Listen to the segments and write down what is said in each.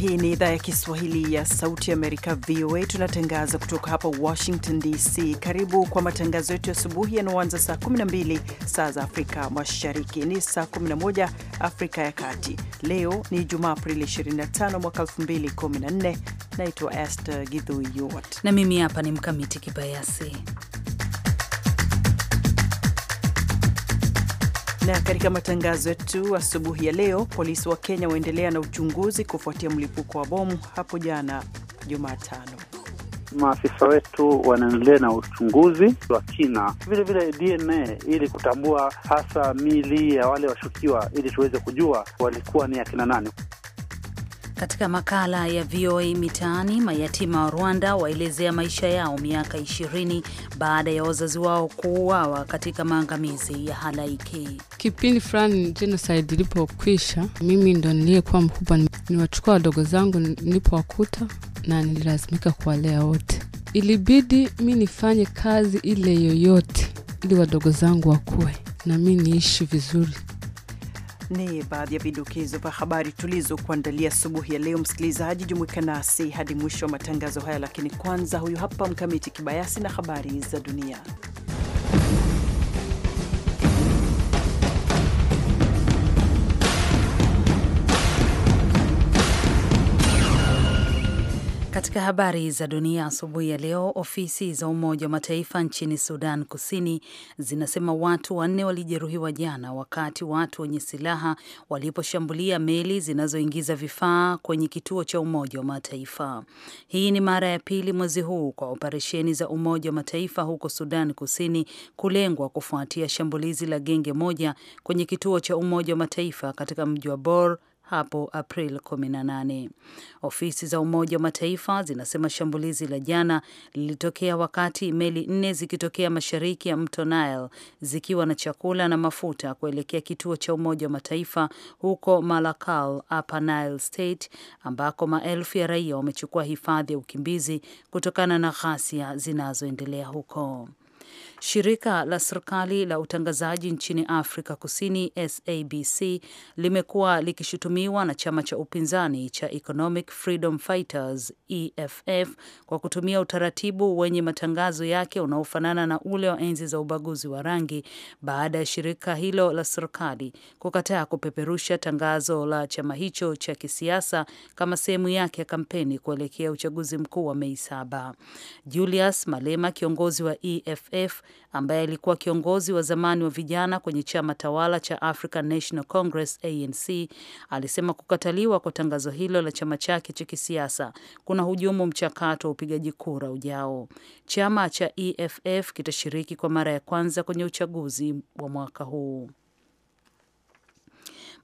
Hii ni idhaa ya Kiswahili ya Sauti Amerika, VOA. Tunatangaza kutoka hapa Washington DC. Karibu kwa matangazo yetu ya asubuhi yanaoanza saa 12 saa za Afrika Mashariki, ni saa 11 Afrika ya Kati. Leo ni Jumaa, Aprili 25 mwaka 2014. Naitwa Esther Githui na mimi hapa ni Mkamiti Kibayasi Na katika matangazo yetu asubuhi ya leo, polisi wa Kenya waendelea na uchunguzi kufuatia mlipuko wa bomu hapo jana Jumatano. Maafisa wetu wanaendelea na uchunguzi wa kina, vilevile DNA ili kutambua hasa mili ya wale washukiwa, ili tuweze kujua walikuwa ni akina nani. Katika makala ya VOA Mitaani, mayatima wa Rwanda waelezea maisha yao miaka ishirini baada ya wazazi wao kuuawa katika maangamizi ya halaiki. Kipindi fulani genocide ilipokwisha, mimi ndo niliyekuwa mkubwa, niwachukua wadogo zangu nilipowakuta, na nililazimika kuwalea wote. Ilibidi mi nifanye kazi ile yoyote ili wadogo zangu wakuwe na mi niishi vizuri. Ni baadhi ya vidokezo vya habari tulizokuandalia asubuhi ya leo. Msikilizaji, jumuika nasi hadi mwisho wa matangazo haya, lakini kwanza, huyu hapa Mkamiti Kibayasi na habari za dunia. Katika habari za dunia asubuhi ya leo, ofisi za Umoja wa Mataifa nchini Sudan Kusini zinasema watu wanne walijeruhiwa jana wakati watu wenye silaha waliposhambulia meli zinazoingiza vifaa kwenye kituo cha Umoja wa Mataifa. Hii ni mara ya pili mwezi huu kwa operesheni za Umoja wa Mataifa huko Sudan Kusini kulengwa kufuatia shambulizi la genge moja kwenye kituo cha Umoja wa Mataifa katika mji wa Bor hapo April 18. Ofisi za Umoja wa Mataifa zinasema shambulizi la jana lilitokea wakati meli nne zikitokea mashariki ya mto Nile zikiwa na chakula na mafuta kuelekea kituo cha Umoja wa Mataifa huko Malakal, Upper Nile State, ambako maelfu ya raia wamechukua hifadhi ya ukimbizi kutokana na ghasia zinazoendelea huko. Shirika la serikali la utangazaji nchini Afrika Kusini SABC limekuwa likishutumiwa na chama cha upinzani cha Economic Freedom Fighters EFF kwa kutumia utaratibu wenye matangazo yake unaofanana na ule wa enzi za ubaguzi wa rangi baada ya shirika hilo la serikali kukataa kupeperusha tangazo la chama hicho cha kisiasa kama sehemu yake ya kampeni kuelekea uchaguzi mkuu wa Mei saba. Julius Malema, kiongozi wa EFF, ambaye alikuwa kiongozi wa zamani wa vijana kwenye chama tawala cha African National Congress ANC, alisema kukataliwa kwa tangazo hilo la chama chake cha kisiasa kuna hujumu mchakato wa upigaji kura ujao. Chama cha EFF kitashiriki kwa mara ya kwanza kwenye uchaguzi wa mwaka huu.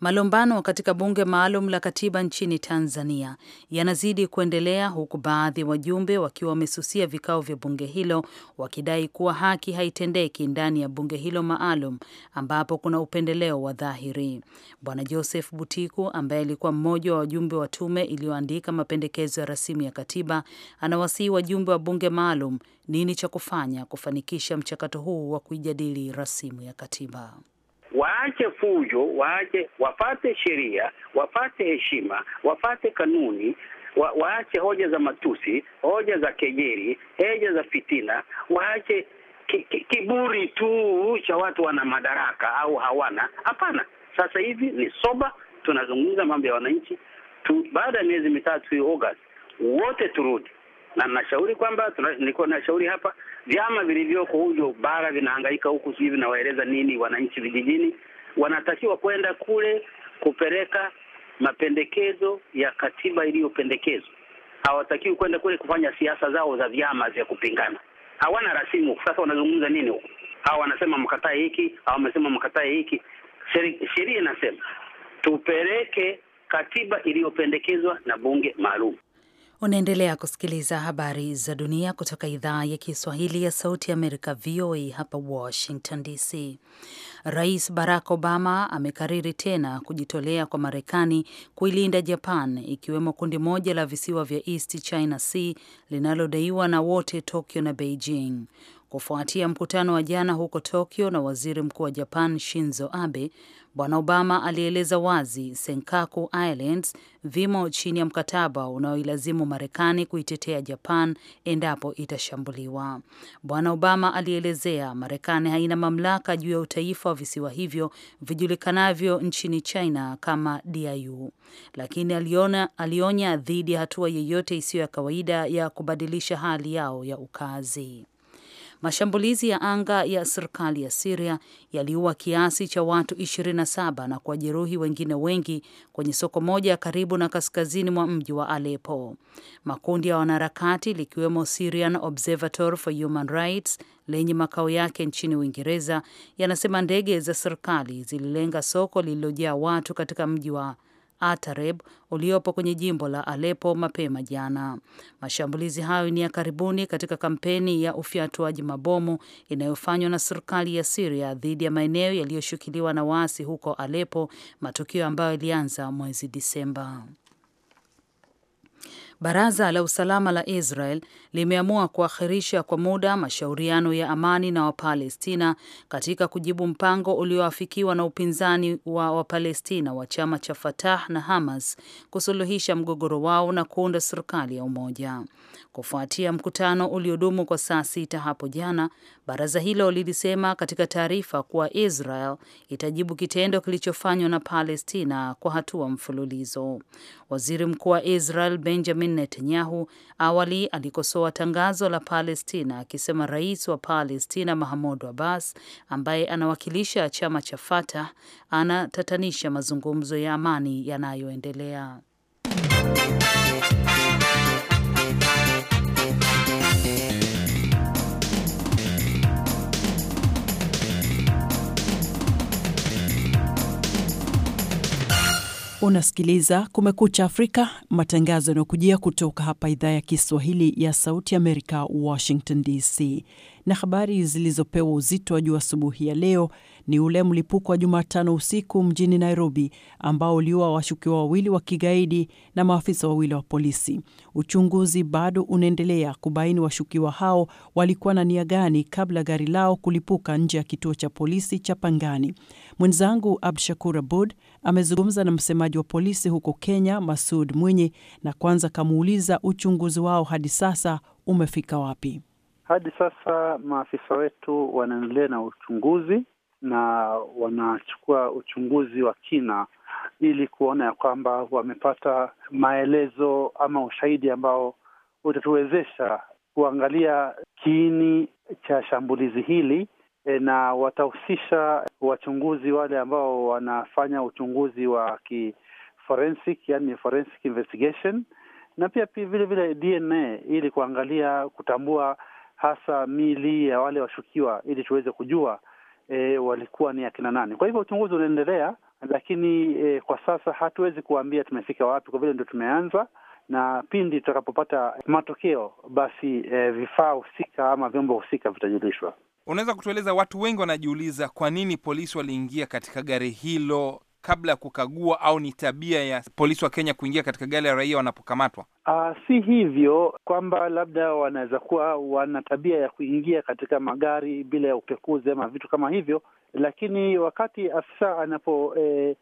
Malumbano katika bunge maalum la katiba nchini Tanzania yanazidi kuendelea huku baadhi ya wajumbe wakiwa wamesusia vikao vya bunge hilo wakidai kuwa haki haitendeki ndani ya bunge hilo maalum ambapo kuna upendeleo wa dhahiri. Bwana Joseph Butiku ambaye alikuwa mmoja wa wajumbe wa tume iliyoandika mapendekezo ya rasimu ya katiba anawasihi wajumbe wa bunge maalum nini cha kufanya kufanikisha mchakato huu wa kuijadili rasimu ya katiba waache fujo, waache wafate sheria, wafate heshima, wafate kanuni wa, waache hoja za matusi, hoja za kejeri, hoja za fitina, waache ki, ki, kiburi tu cha watu wana madaraka au hawana. Hapana, sasa hivi ni soba, tunazungumza mambo ya wananchi tu. Baada ya miezi mitatu hii August, wote turudi na nashauri kwamba nilikuwa nashauri hapa, vyama vilivyoko hujo bara vinahangaika huku, sijui vinawaeleza nini wananchi vijijini. Wanatakiwa kwenda kule kupeleka mapendekezo ya katiba iliyopendekezwa. Hawatakiwi kwenda kule kufanya siasa zao za vyama vya kupingana. Hawana rasimu. Sasa wanazungumza nini huko? Hawa wanasema mkatae hiki, hawa wamesema mkatae hiki. Sheria inasema tupeleke katiba iliyopendekezwa na bunge maalum. Unaendelea kusikiliza habari za dunia kutoka idhaa ya Kiswahili ya Sauti Amerika, VOA hapa Washington DC. Rais Barack Obama amekariri tena kujitolea kwa Marekani kuilinda Japan, ikiwemo kundi moja la visiwa vya East China Sea linalodaiwa na wote Tokyo na Beijing. Kufuatia mkutano wa jana huko Tokyo na waziri mkuu wa Japan Shinzo Abe, Bwana Obama alieleza wazi Senkaku Islands vimo chini ya mkataba unaoilazimu Marekani kuitetea Japan endapo itashambuliwa. Bwana Obama alielezea Marekani haina mamlaka juu ya utaifa wa visiwa hivyo vijulikanavyo nchini China kama Diaoyu, lakini aliona, alionya dhidi ya hatua yeyote isiyo ya kawaida ya kubadilisha hali yao ya ukazi. Mashambulizi ya anga ya serikali ya Siria yaliua kiasi cha watu 27 na kuwajeruhi wengine wengi kwenye soko moja karibu na kaskazini mwa mji wa Aleppo. Makundi ya wanaharakati likiwemo Syrian Observatory for Human Rights lenye makao yake nchini Uingereza yanasema ndege za serikali zililenga soko lililojaa watu katika mji wa Atareb uliopo kwenye jimbo la Alepo mapema jana. Mashambulizi hayo ni ya karibuni katika kampeni ya ufyatuaji mabomu inayofanywa na serikali ya Siria dhidi ya maeneo yaliyoshukiliwa na waasi huko Alepo, matukio ambayo yalianza mwezi Disemba. Baraza la usalama la Israel limeamua kuakhirisha kwa muda mashauriano ya amani na Wapalestina katika kujibu mpango ulioafikiwa na upinzani wa Wapalestina wa chama cha Fatah na Hamas kusuluhisha mgogoro wao na kuunda serikali ya umoja. Kufuatia mkutano uliodumu kwa saa sita hapo jana, baraza hilo lilisema katika taarifa kuwa Israel itajibu kitendo kilichofanywa na Palestina kwa hatua mfululizo. Waziri Mkuu wa Israel Benjamin Netanyahu awali alikosoa tangazo la Palestina akisema rais wa Palestina Mahmoud Abbas ambaye anawakilisha chama cha Fatah anatatanisha mazungumzo ya amani yanayoendelea. Unasikiliza Kumekucha Afrika, matangazo yanayokujia kutoka hapa idhaa ya Kiswahili ya Sauti ya Amerika, Washington DC. Na habari zilizopewa uzito wa juu asubuhi ya leo ni ule mlipuko wa Jumatano usiku mjini Nairobi ambao uliua washukiwa wawili wa kigaidi na maafisa wawili wa polisi. Uchunguzi bado unaendelea kubaini washukiwa hao walikuwa na nia gani kabla gari lao kulipuka nje ya kituo cha polisi cha Pangani. Mwenzangu Abdushakur Abud amezungumza na msemaji wa polisi huko Kenya, Masud Mwinyi, na kwanza kamuuliza uchunguzi wao hadi sasa umefika wapi? Hadi sasa maafisa wetu wanaendelea na uchunguzi na wanachukua uchunguzi wa kina ili kuona ya kwamba wamepata maelezo ama ushahidi ambao utatuwezesha kuangalia kiini cha shambulizi hili e, na watahusisha wachunguzi wale ambao wanafanya uchunguzi wa kiforensic, yani forensic investigation, na pia vile vile DNA ili kuangalia kutambua hasa mili ya wale washukiwa ili tuweze kujua e, walikuwa ni akina nani. Kwa hivyo uchunguzi unaendelea, lakini e, kwa sasa hatuwezi kuambia tumefika wapi, kwa vile ndio tumeanza na pindi tutakapopata matokeo basi e, vifaa husika ama vyombo husika vitajulishwa. Unaweza kutueleza, watu wengi wanajiuliza kwa nini polisi waliingia katika gari hilo kabla ya kukagua au ni tabia ya polisi wa Kenya kuingia katika gari ya raia wanapokamatwa? Uh, si hivyo kwamba labda wanaweza kuwa wana tabia ya kuingia katika magari bila ya upekuzi ama vitu kama hivyo, lakini wakati afisa anaposhika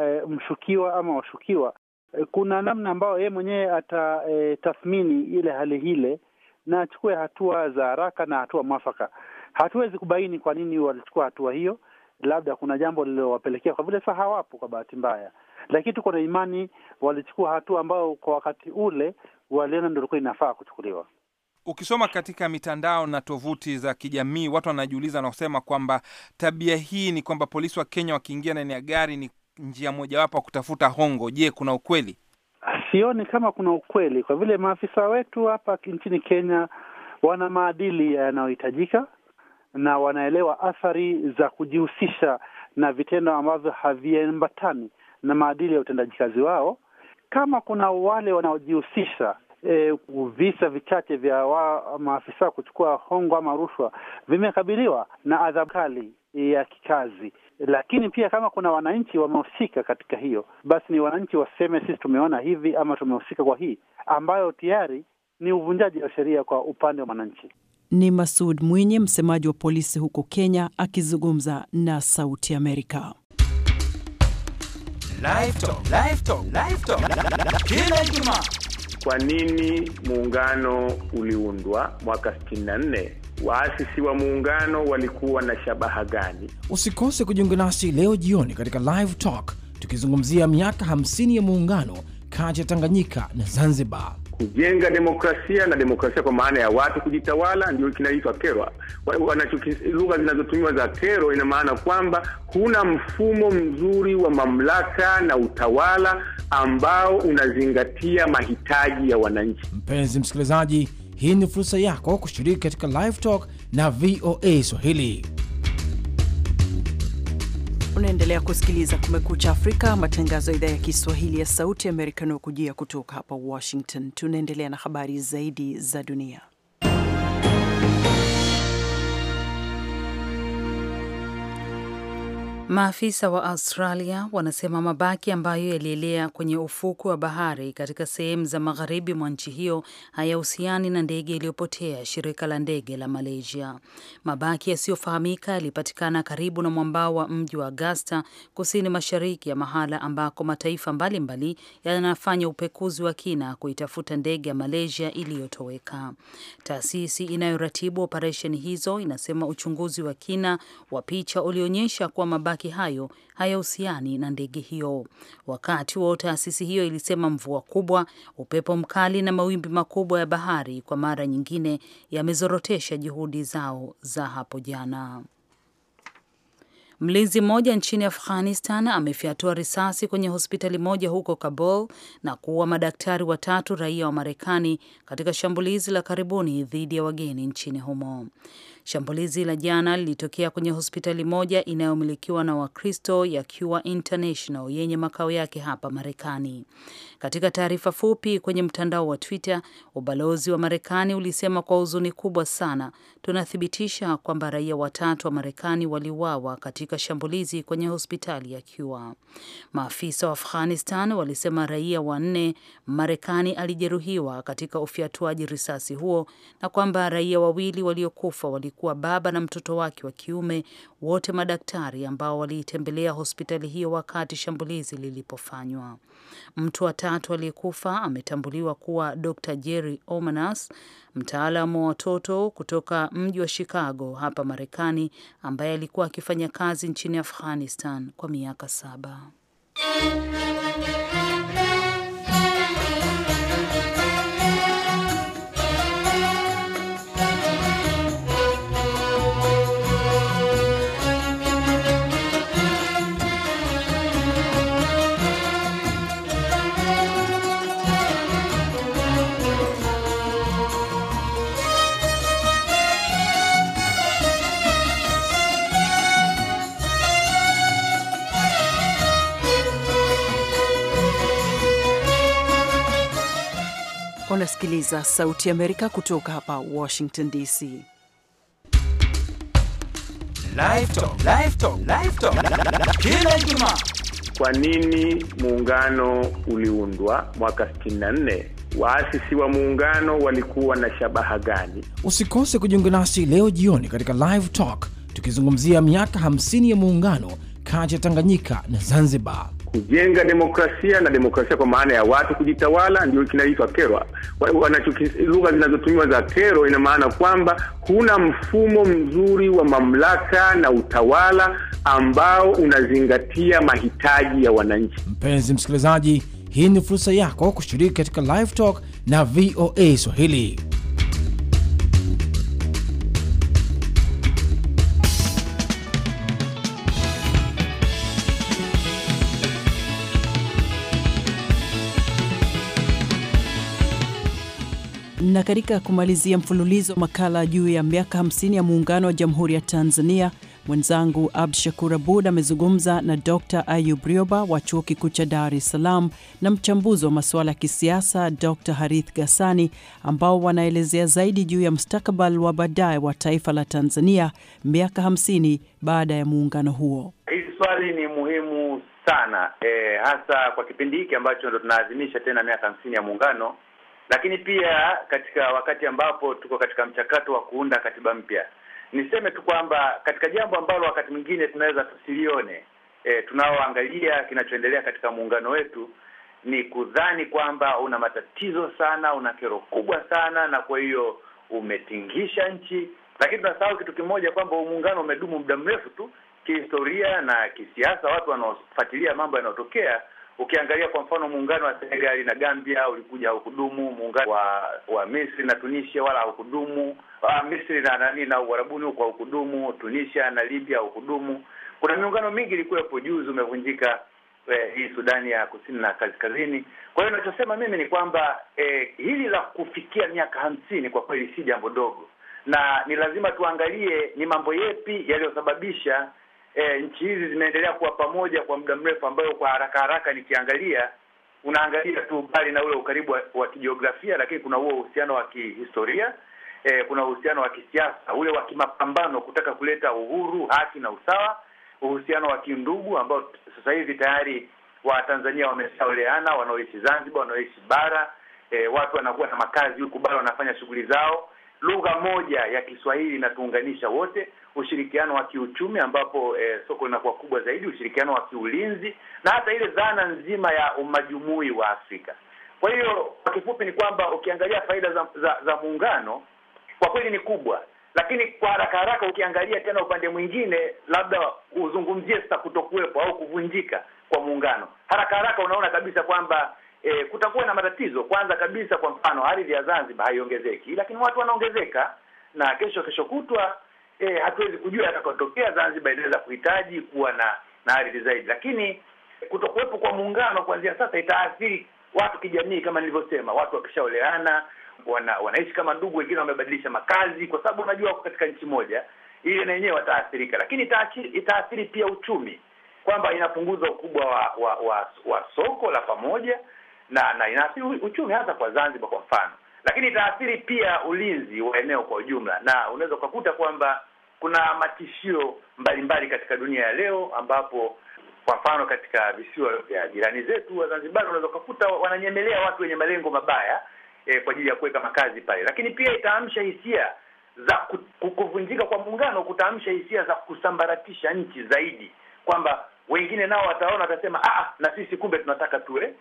eh, eh, mshukiwa ama washukiwa eh, kuna namna ambayo yeye mwenyewe atatathmini eh, ile hali hile na achukue hatua za haraka na hatua mwafaka. Hatuwezi kubaini kwa nini walichukua hatua hiyo labda kuna jambo lililowapelekea, kwa vile sasa hawapo kwa bahati mbaya, lakini tuko na imani walichukua hatua ambayo kwa wakati ule waliona ndio ilikuwa inafaa kuchukuliwa. Ukisoma katika mitandao na tovuti za kijamii, watu wanajiuliza na kusema kwamba tabia hii ni kwamba polisi wa Kenya wakiingia ndani ya gari ni njia mojawapo ya kutafuta hongo. Je, kuna ukweli? Sioni kama kuna ukweli, kwa vile maafisa wetu hapa nchini Kenya wana maadili yanayohitajika na wanaelewa athari za kujihusisha na vitendo ambavyo haviambatani na maadili ya utendaji kazi wao. Kama kuna wale wanaojihusisha E, visa vichache vya maafisa kuchukua hongo ama rushwa vimekabiliwa na adhabu kali ya kikazi, lakini pia kama kuna wananchi wamehusika katika hiyo, basi ni wananchi waseme sisi tumeona hivi ama tumehusika kwa hii, ambayo tayari ni uvunjaji wa sheria kwa upande wa mwananchi. Ni Masud Mwinyi, msemaji wa polisi huko Kenya, akizungumza na Sauti Amerika. Kila Ijumaa. Kwa nini muungano uliundwa mwaka 64? Waasisi wa muungano walikuwa na shabaha gani? Usikose kujiunga nasi leo jioni katika Live Talk tukizungumzia miaka 50 ya muungano kati ya Tanganyika na Zanzibar kujenga demokrasia na demokrasia kwa maana ya watu kujitawala, ndio kinaitwa kerwa. Lugha zinazotumiwa za kero, ina maana kwamba kuna mfumo mzuri wa mamlaka na utawala ambao unazingatia mahitaji ya wananchi. Mpenzi msikilizaji, hii ni fursa yako kushiriki katika live talk na VOA Swahili. Unaendelea kusikiliza Kumekucha Afrika, matangazo ya idhaa ya Kiswahili ya Sauti Amerika anayokujia kutoka hapa Washington. Tunaendelea na habari zaidi za dunia. Maafisa wa Australia wanasema mabaki ambayo yalielea kwenye ufuku wa bahari katika sehemu za magharibi mwa nchi hiyo hayahusiani na ndege iliyopotea. Shirika la ndege la Malaysia, mabaki yasiyofahamika yalipatikana karibu na mwambao wa mji wa Augusta, kusini mashariki ya mahala ambako mataifa mbalimbali yanafanya upekuzi wa kina kuitafuta ndege ya Malaysia iliyotoweka. Taasisi inayoratibu operesheni hizo inasema uchunguzi wa kina wa picha ulionyesha kuwa mabaki mabaki hayo hayahusiani na ndege hiyo. Wakati huo taasisi hiyo ilisema mvua kubwa, upepo mkali na mawimbi makubwa ya bahari kwa mara nyingine yamezorotesha juhudi zao za hapo jana. Mlinzi mmoja nchini Afghanistan amefyatua risasi kwenye hospitali moja huko Kabul na kuua madaktari watatu raia wa Marekani katika shambulizi la karibuni dhidi ya wageni nchini humo. Shambulizi la jana lilitokea kwenye hospitali moja inayomilikiwa na Wakristo ya Cure International yenye makao yake hapa Marekani. Katika taarifa fupi kwenye mtandao wa Twitter, ubalozi wa Marekani ulisema kwa huzuni kubwa sana, tunathibitisha kwamba raia watatu wa Marekani waliuawa katika katika shambulizi kwenye hospitali ya Kiwa. Maafisa wa Afghanistan walisema raia wanne Marekani alijeruhiwa katika ufyatuaji risasi huo na kwamba raia wawili waliokufa walikuwa baba na mtoto wake wa kiume wote madaktari ambao waliitembelea hospitali hiyo wakati shambulizi lilipofanywa. Mtu wa tatu aliyekufa ametambuliwa kuwa Dr. Jerry Omanas, mtaalamu wa watoto kutoka mji wa Chicago hapa Marekani, ambaye alikuwa akifanya kazi nchini Afghanistan kwa miaka saba. kusikiliza Sauti Amerika kutoka hapa Washington DC. Kila Ijumaa. Kwa nini muungano uliundwa mwaka 64? Waasisi wa muungano walikuwa na shabaha gani? Usikose kujiunga nasi leo jioni katika Live Talk tukizungumzia miaka 50 ya muungano kati ya Tanganyika na Zanzibar kujenga demokrasia na demokrasia kwa maana ya watu kujitawala, ndio kinaitwa kero. Lugha zinazotumiwa za kero, ina maana kwamba kuna mfumo mzuri wa mamlaka na utawala ambao unazingatia mahitaji ya wananchi. Mpenzi msikilizaji, hii ni fursa yako kushiriki katika live talk na VOA Swahili. Na katika kumalizia mfululizo makala juu ya miaka 50 ya muungano wa jamhuri ya Tanzania, mwenzangu Abd Shakur Abud amezungumza na Dr Ayub Rioba wa chuo kikuu cha Dar es Salaam na mchambuzi wa masuala ya kisiasa Dr Harith Gasani, ambao wanaelezea zaidi juu ya mustakabali wa baadaye wa taifa la Tanzania miaka 50 baada ya muungano huo. Hili swali ni muhimu sana e, hasa kwa kipindi hiki ambacho ndo tunaadhimisha tena miaka hamsini ya muungano lakini pia katika wakati ambapo tuko katika mchakato wa kuunda katiba mpya, niseme tu kwamba katika jambo ambalo wakati mwingine tunaweza tusilione, e, tunaoangalia kinachoendelea katika muungano wetu ni kudhani kwamba una matatizo sana, una kero kubwa sana, na kwa hiyo umetingisha nchi. Lakini tunasahau kitu kimoja, kwamba muungano umedumu muda mrefu tu kihistoria na kisiasa. Watu wanaofuatilia mambo yanayotokea Ukiangalia kwa mfano muungano wa Senegali na Gambia ulikuja haukudumu, muungano wa wa Misri na Tunisia wala haukudumu, ah, Misri na nani na Uarabuni huko haukudumu, Tunisia na Libya haukudumu. Kuna miungano mingi ilikuwepo, juzi umevunjika eh, hii Sudani ya kusini na kaskazini. Kwa hiyo ninachosema mimi ni kwamba eh, hili la kufikia miaka hamsini kwa kweli si jambo dogo, na ni lazima tuangalie ni mambo yepi yaliyosababisha e, nchi hizi zimeendelea kuwa pamoja kwa muda mrefu, ambayo kwa haraka haraka nikiangalia, unaangalia tu mbali na ule ukaribu wa, wa kijiografia, lakini kuna huo uhusiano wa kihistoria e, kuna uhusiano wa kisiasa ule wa kimapambano, kutaka kuleta uhuru, haki na usawa, uhusiano wa kindugu ambao sasa hivi tayari Watanzania wameshaoleana, wanaoishi Zanzibar, wanaoishi bara e, watu wanakuwa na makazi huku bara, wanafanya shughuli zao. Lugha moja ya Kiswahili inatuunganisha wote ushirikiano wa kiuchumi ambapo eh, soko linakuwa kubwa zaidi, ushirikiano wa kiulinzi na hata ile dhana nzima ya umajumui wa Afrika. Kwa hiyo kwa kifupi ni kwamba ukiangalia faida za, za, za muungano kwa kweli ni kubwa, lakini kwa haraka haraka ukiangalia tena upande mwingine, labda uzungumzie sasa kutokuwepo au kuvunjika kwa muungano, haraka haraka unaona kabisa kwamba E, kutakuwa na matatizo. Kwanza kabisa, kwa mfano ardhi ya Zanzibar haiongezeki, lakini watu wanaongezeka na kesho kesho kutwa eh, hatuwezi kujua yatakotokea. Zanzibar inaweza kuhitaji kuwa na na ardhi zaidi, lakini kutokuwepo kwa muungano kuanzia sasa itaathiri watu kijamii, kama nilivyosema, watu wakishaoleana wana, wanaishi kama ndugu, wengine wamebadilisha makazi, kwa sababu unajua wako katika nchi moja ile, na yenyewe wataathirika, lakini itaathiri, itaathiri pia uchumi kwamba inapunguza ukubwa wa wa, wa, wa soko la pamoja na na inaathiri uchumi hasa kwa Zanzibar kwa mfano, lakini itaathiri pia ulinzi wa eneo kwa ujumla, na unaweza ukakuta kwamba kuna matishio mbalimbali katika dunia ya leo, ambapo kwa mfano katika visiwa vya jirani zetu wa Zanzibar unaweza ukakuta wananyemelea watu wenye malengo mabaya e, kwa ajili ya kuweka makazi pale, lakini pia itaamsha hisia za kuvunjika kwa muungano, kutaamsha hisia za kusambaratisha nchi zaidi, kwamba wengine nao wataona watasema, ah, ah, na sisi kumbe tunataka tuwe,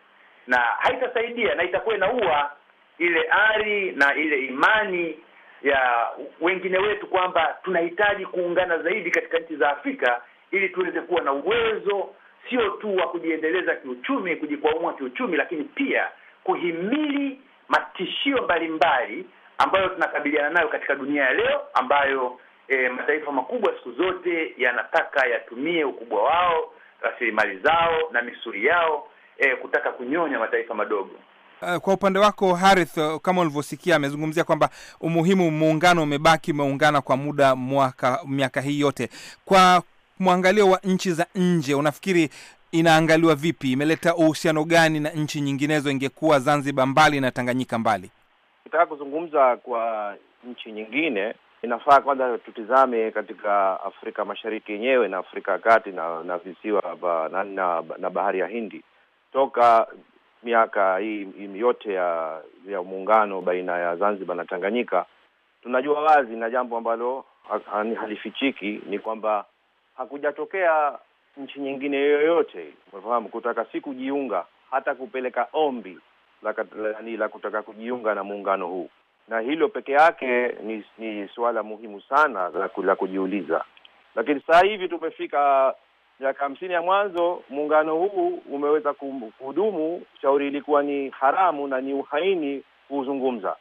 na haitasaidia na itakuwa inaua ile ari na ile imani ya wengine wetu kwamba tunahitaji kuungana zaidi katika nchi za Afrika ili tuweze kuwa na uwezo sio tu wa kujiendeleza kiuchumi, kujikwamua kiuchumi, lakini pia kuhimili matishio mbalimbali ambayo tunakabiliana nayo katika dunia ya leo ambayo e, mataifa makubwa siku zote yanataka yatumie ukubwa wao, rasilimali zao na misuri yao e, kutaka kunyonya mataifa madogo. Eh, kwa upande wako Harith, eh, kama ulivyosikia, amezungumzia kwamba umuhimu muungano umebaki umeungana kwa muda mwaka miaka hii yote. Kwa mwangalio wa nchi za nje, unafikiri inaangaliwa vipi? Imeleta uhusiano gani na nchi nyinginezo? Ingekuwa Zanzibar mbali na Tanganyika mbali, ukitaka kuzungumza kwa nchi nyingine inafaa kwanza tutizame katika Afrika Mashariki yenyewe na Afrika ya Kati na na visiwa ba, na, na, na bahari ya Hindi toka miaka hii, hii yote ya ya muungano baina ya Zanzibar na Tanganyika, tunajua wazi na jambo ambalo halifichiki ni kwamba hakujatokea nchi nyingine yoyote, unafahamu, kutaka si kujiunga hata kupeleka ombi la, la, la kutaka kujiunga na muungano huu, na hilo peke yake ni, ni suala muhimu sana la, la kujiuliza. Lakini sasa hivi tumefika miaka hamsini ya mwanzo muungano huu umeweza kuhudumu, shauri ilikuwa ni haramu na ni uhaini kuuzungumza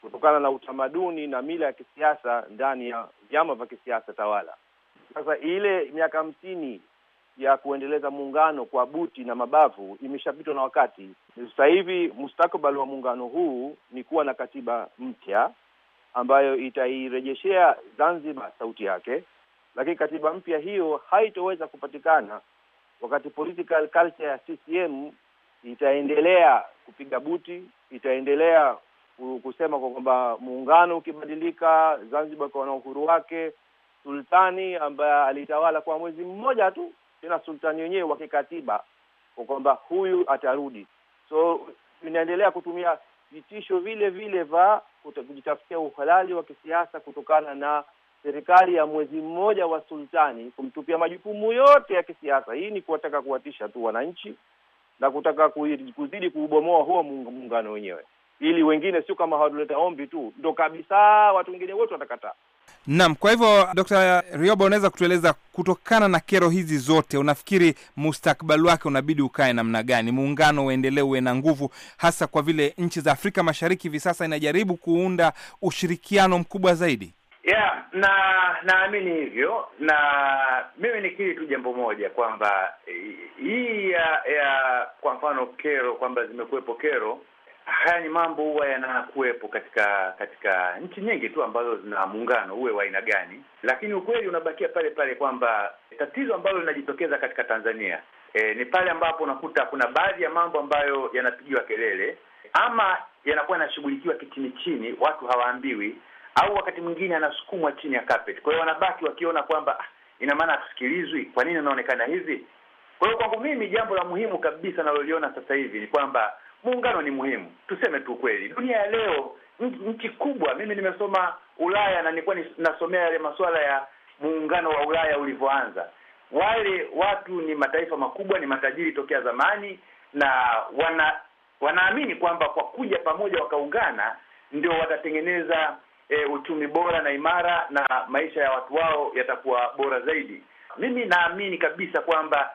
kutokana na utamaduni na mila ya kisiasa ndani ya vyama vya kisiasa tawala. Sasa ile miaka hamsini ya kuendeleza muungano kwa buti na mabavu imeshapitwa na wakati. Sasa hivi mustakabali wa muungano huu ni kuwa na katiba mpya ambayo itairejeshea Zanzibar sauti yake lakini katiba mpya hiyo haitoweza kupatikana wakati political culture ya CCM itaendelea kupiga buti, itaendelea kusema kwa kwamba muungano ukibadilika, Zanzibar kwa na uhuru wake. Sultani ambaye alitawala kwa mwezi mmoja tu, tena sultani wenyewe wa kikatiba, kwa kwamba huyu atarudi. So inaendelea kutumia vitisho vile vile vya kujitafutia uhalali wa kisiasa kutokana na serikali ya mwezi mmoja wa sultani kumtupia majukumu yote ya kisiasa. Hii ni kuwataka kuwatisha tu wananchi na kutaka kuzidi kuubomoa huo muungano wenyewe, ili wengine sio kama hawatuleta ombi tu ndo kabisa, watu wengine wote watakataa. Naam, kwa hivyo Dr. Rioba, unaweza kutueleza kutokana na kero hizi zote, unafikiri mustakbal wake unabidi ukae namna gani, muungano uendelee, uwe na nguvu, hasa kwa vile nchi za Afrika Mashariki hivi sasa inajaribu kuunda ushirikiano mkubwa zaidi? Yeah, na naamini hivyo, na mimi nikiri tu jambo moja kwamba eh, hii ya, ya kwa mfano kero kwamba zimekuwepo kero, haya ni mambo huwa yanakuwepo katika katika nchi nyingi tu ambazo zina muungano uwe wa aina gani, lakini ukweli unabakia pale pale kwamba tatizo ambalo linajitokeza katika Tanzania e, ni pale ambapo unakuta kuna baadhi ya mambo ambayo yanapigiwa kelele ama yanakuwa yanashughulikiwa kichini chini, watu hawaambiwi au wakati mwingine anasukumwa chini ya carpet. Kwa hiyo wanabaki wakiona kwamba ah, ina maana hatusikilizwi, kwa nini unaonekana hivi? Kwa hiyo kwangu mimi jambo la muhimu kabisa naloliona sasa hivi ni kwamba muungano ni muhimu, tuseme tu kweli. Dunia ya leo nchi kubwa, mimi nimesoma Ulaya na nilikuwa nasomea yale masuala ya muungano wa Ulaya ulivyoanza. Wale watu ni mataifa makubwa, ni matajiri tokea zamani, na wana wanaamini kwamba kwa kuja pamoja wakaungana ndio watatengeneza e, uchumi bora na imara na maisha ya watu wao yatakuwa bora zaidi. Mimi naamini kabisa kwamba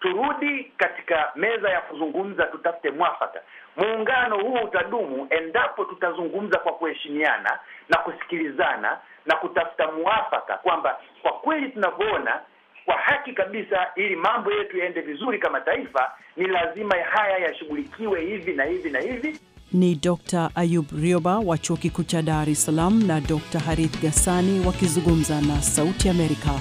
turudi katika meza ya kuzungumza, tutafute mwafaka. Muungano huu utadumu endapo tutazungumza kwa kuheshimiana na kusikilizana na kutafuta mwafaka, kwamba kwa kweli tunavyoona kwa haki kabisa, ili mambo yetu yaende vizuri kama taifa, ni lazima haya yashughulikiwe hivi na hivi na hivi ni Dr. Ayub Rioba wa Chuo Kikuu cha Dar es Salaam na Dr. Harith gasani wakizungumza na Sauti Amerika.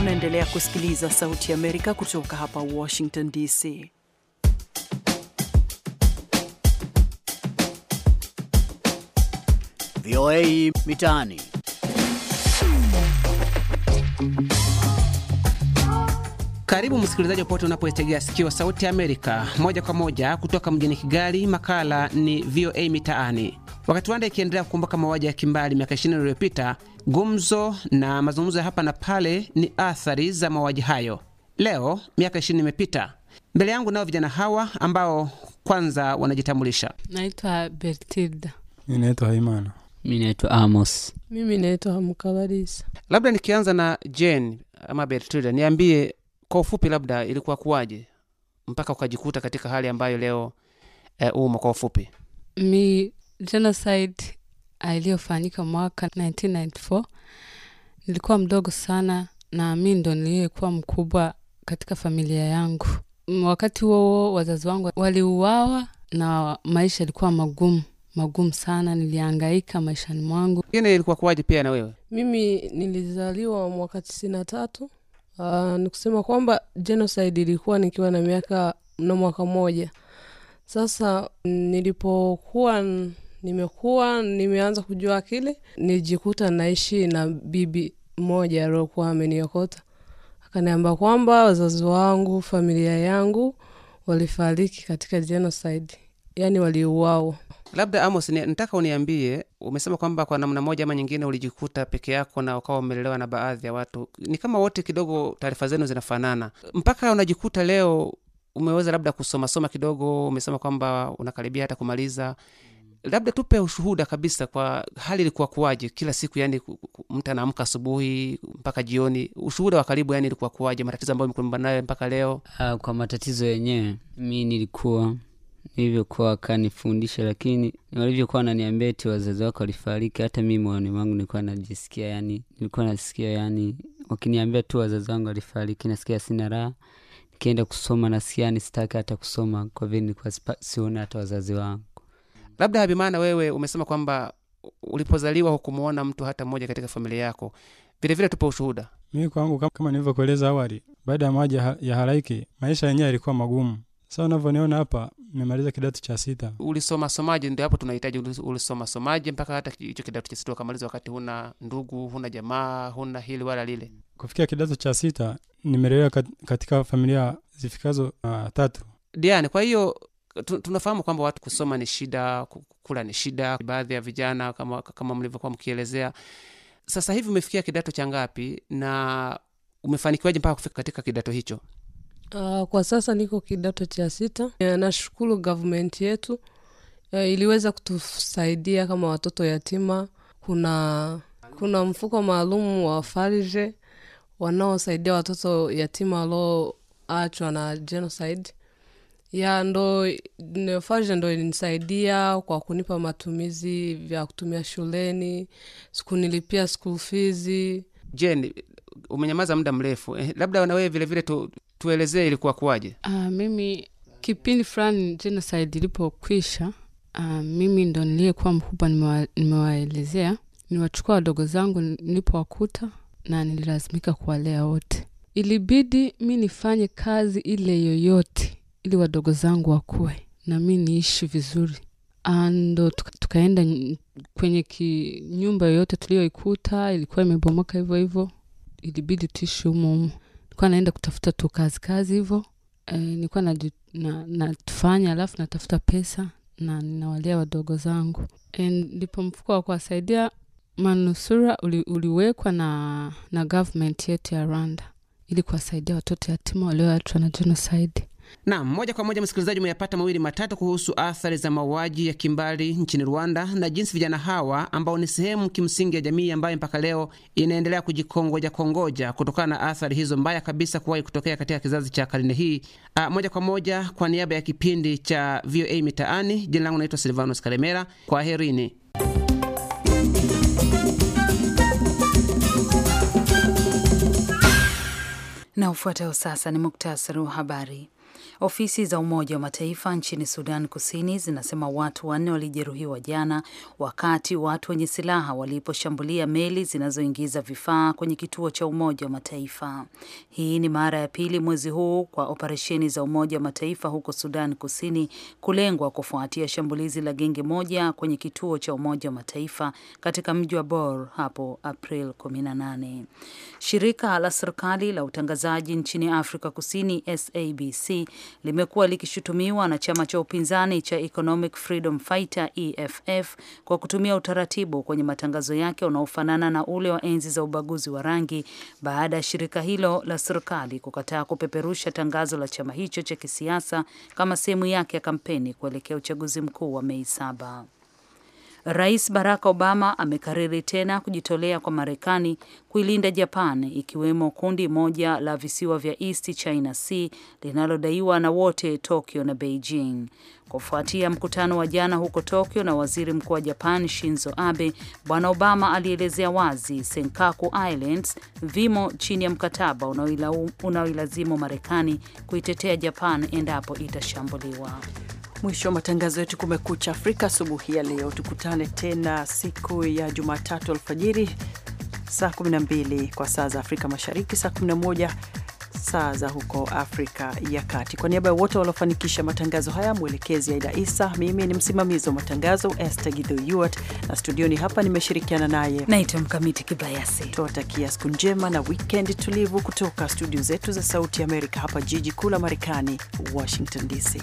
Unaendelea kusikiliza Sauti Amerika kutoka hapa Washington DC. VOA mitaani. Karibu msikilizaji popote unapoitegea sikio Sauti ya Amerika moja kwa moja kutoka mjini Kigali. Makala ni VOA Mitaani. Wakati Rwanda ikiendelea kukumbuka mauaji ya kimbali miaka 20 iliyopita, gumzo na mazungumzo ya hapa na pale ni athari za mauaji hayo. Leo miaka 20 imepita. Mbele yangu nao vijana hawa ambao kwanza wanajitambulisha. Naitwa Bertilda. Mimi naitwa Haimana. Mi naitwa Amos. Mimi naitwa Mkabarisa. Labda nikianza na Jane ama Bertilda, niambie kwa ufupi, labda ilikuwa kuwaje mpaka ukajikuta katika hali ambayo leo e, umo kwa ufupi mi genocide ah, iliyofanyika mwaka 1994 nilikuwa mdogo sana, na mi ndo niliyekuwa mkubwa katika familia yangu. Wakati huo wazazi wangu waliuawa na maisha yalikuwa magumu magumu sana, niliangaika maishani mwangu. ilikuwa kuwaji pia na wewe? Mimi nilizaliwa mwaka tisini na tatu uh, ni kusema kwamba genocide ilikuwa nikiwa na miaka na mwaka mmoja sasa nilipokuwa nimekuwa nimeanza kujua akili, nijikuta naishi na bibi mmoja aliokuwa ameniokota, akaniamba kwamba wazazi wangu, familia yangu walifariki katika genocide, yaani waliuawa. Labda Amos, ni, nataka uniambie, umesema kwamba kwa namna moja ama nyingine ulijikuta peke yako na ukawa umelelewa na baadhi ya watu, ni kama wote kidogo taarifa zenu zinafanana, mpaka unajikuta leo umeweza labda kusomasoma kidogo, umesema kwamba unakaribia hata kumaliza labda tupe ushuhuda kabisa, kwa hali ilikuwa kuwaje kila siku? Yani mtu anaamka asubuhi mpaka jioni, ushuhuda wa karibu, yani ilikuwa kuwaje, matatizo ambayo mekumbana nayo mpaka leo? Uh, kwa matatizo yenyewe mi nilikuwa nilivyokuwa akanifundisha, lakini walivyokuwa naniambia ti wazazi wako walifariki, hata mi moyoni mwangu nilikuwa najisikia yani, nilikuwa nasikia yani, wakiniambia tu wazazi wangu walifariki, nasikia sina raha. Nikienda kusoma nasikia ni yaani sitaki hata kusoma, kwa vile nilikuwa sione hata wazazi wangu. Labda Habimana, wewe umesema kwamba ulipozaliwa hukumuona mtu hata mmoja katika familia yako, vilevile tupo ushuhuda. mi kwangu kama nilivyokueleza awali, baada ya maji ya halaiki maisha yenyewe yalikuwa magumu. Sasa unavyoniona hapa, nimemaliza kidato cha sita. Ulisoma somaji Ndio hapo tunahitaji, ulisoma somaji mpaka hata hicho kidato cha sita ukamaliza, wakati huna ndugu, huna jamaa, huna hili wala lile? Kufikia kidato cha sita nimelelewa katika familia zifikazo uh, tatu diani. Kwa hiyo tunafahamu kwamba watu kusoma ni shida, kula ni shida, baadhi ya vijana kama, kama mlivyokuwa mkielezea. Sasa hivi umefikia kidato cha ngapi na umefanikiwaje mpaka kufika katika kidato hicho? Uh, kwa sasa niko kidato cha sita. Uh, nashukuru government yetu uh, iliweza kutusaidia kama watoto yatima. Kuna kuna mfuko maalum wa Farije wanaosaidia watoto yatima walioachwa na genocide ya ndo Farije ndo ilinisaidia kwa kunipa matumizi vya kutumia shuleni, sikunilipia school fees. jen umenyamaza muda mrefu eh, labda na wewe vilevile tu tuelezee ilikuwa kuwaje? Uh, mimi kipindi fulani genocide ilipokwisha, uh, mimi ndo niliyekuwa mkubwa, nimewaelezea nime niwachukua wadogo zangu nilipowakuta na nililazimika kuwalea wote. Ilibidi mi nifanye kazi ile yoyote ili wadogo zangu wakuwe na mi niishi vizuri. Ah, ndo tukaenda tuka, kwenye ki nyumba yoyote tuliyoikuta, ilikuwa imebomoka hivyo hivyo, ilibidi tuishi humo humo nilikuwa naenda kutafuta tu kazi kazi hivo e, nilikuwa na, alafu natafuta pesa na nawalia wadogo zangu ndipo e, mfuko wa kuwasaidia manusura uli, uliwekwa na, na government yetu ya Rwanda ili kuwasaidia watoto yatima walioachwa na genocide. Naam, moja kwa moja msikilizaji, umeyapata mawili matatu kuhusu athari za mauaji ya kimbali nchini Rwanda na jinsi vijana hawa ambao ni sehemu kimsingi ya jamii ambayo mpaka leo inaendelea kujikongoja kongoja kutokana na athari hizo mbaya kabisa kuwahi kutokea katika kizazi cha karne hii. A, moja kwa moja kwa niaba ya kipindi cha VOA Mitaani, jina langu naitwa Silvanos Karemera. Kwa herini. Na ufuatao sasa ni muktasari wa habari. Ofisi za Umoja wa Mataifa nchini Sudan Kusini zinasema watu wanne walijeruhiwa jana wakati watu wenye silaha waliposhambulia meli zinazoingiza vifaa kwenye kituo cha Umoja wa Mataifa. Hii ni mara ya pili mwezi huu kwa operesheni za Umoja wa Mataifa huko Sudan Kusini kulengwa kufuatia shambulizi la genge moja kwenye kituo cha Umoja wa Mataifa katika mji wa Bor hapo April 18. Shirika la serikali la utangazaji nchini Afrika Kusini SABC limekuwa likishutumiwa na chama cha upinzani cha Economic Freedom Fighter EFF kwa kutumia utaratibu kwenye matangazo yake unaofanana na ule wa enzi za ubaguzi wa rangi baada ya shirika hilo la serikali kukataa kupeperusha tangazo la chama hicho cha kisiasa kama sehemu yake ya kampeni kuelekea uchaguzi mkuu wa Mei saba. Rais Barack Obama amekariri tena kujitolea kwa Marekani kuilinda Japan, ikiwemo kundi moja la visiwa vya East China Sea linalodaiwa na wote Tokyo na Beijing. Kufuatia mkutano wa jana huko Tokyo na waziri mkuu wa Japan Shinzo Abe, Bwana Obama alielezea wazi Senkaku Islands vimo chini ya mkataba unaoilazimu Marekani kuitetea Japan endapo itashambuliwa. Mwisho wa matangazo yetu Kumekucha Afrika asubuhi ya leo. Tukutane tena siku ya Jumatatu alfajiri saa 12 kwa saa za Afrika Mashariki, saa 11 saa za huko Afrika ya Kati. Kwa niaba ya wote waliofanikisha matangazo haya, mwelekezi Aida Isa, mimi ni msimamizi wa matangazo Esther Githyuart, na studioni hapa nimeshirikiana naye naitwa Mkamiti Kibayasi. Tuwatakia siku njema na wikend tulivu kutoka studio zetu za Sauti ya Amerika hapa jiji kuu la Marekani, Washington DC.